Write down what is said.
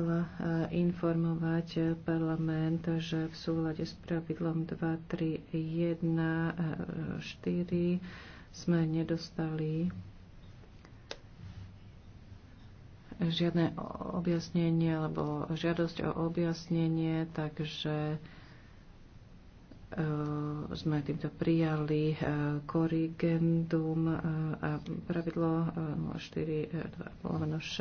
uspela eh, informovať eh, parlament, že v súlade s pravidlom 2, 3, 1, 4 sme nedostali žiadne objasnenie alebo žiadosť o objasnenie, takže eh, sme týmto prijali korigendum a pravidlo 4, 2, 6.